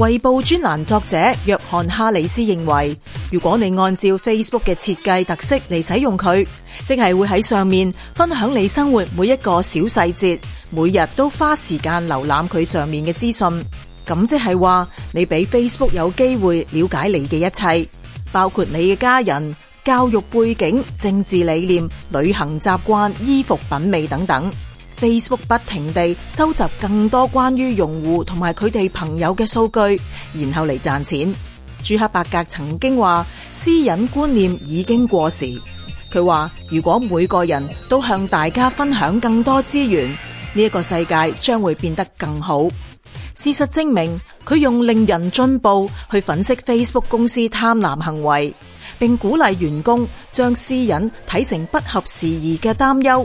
《衛報》專欄作者約翰·哈里斯認為，如果你按照 Facebook 嘅設計特色嚟使用佢，即係會喺上面分享你生活每一個小細節，每日都花時間瀏覽佢上面嘅資訊，咁即係話你俾 Facebook 有機會了解你嘅一切，包括你嘅家人、教育背景、政治理念、旅行習慣、衣服品味等等。Facebook 不停地收集更多關於用戶同埋佢哋朋友嘅數據，然後嚟賺錢。朱克伯格曾經話：私隱觀念已經過時。佢話，如果每個人都向大家分享更多資源，呢一個世界將會變得更好。事實證明，佢用令人進步去粉飾 Facebook 公司貪婪行為，並鼓勵員工將私隱睇成不合時宜嘅擔憂。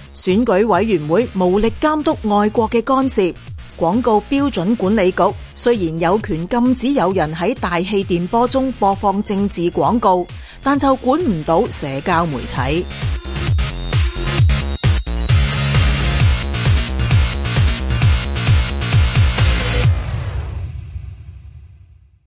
選舉委員會無力監督外國嘅干涉，廣告標準管理局雖然有權禁止有人喺大氣電波中播放政治廣告，但就管唔到社交媒體。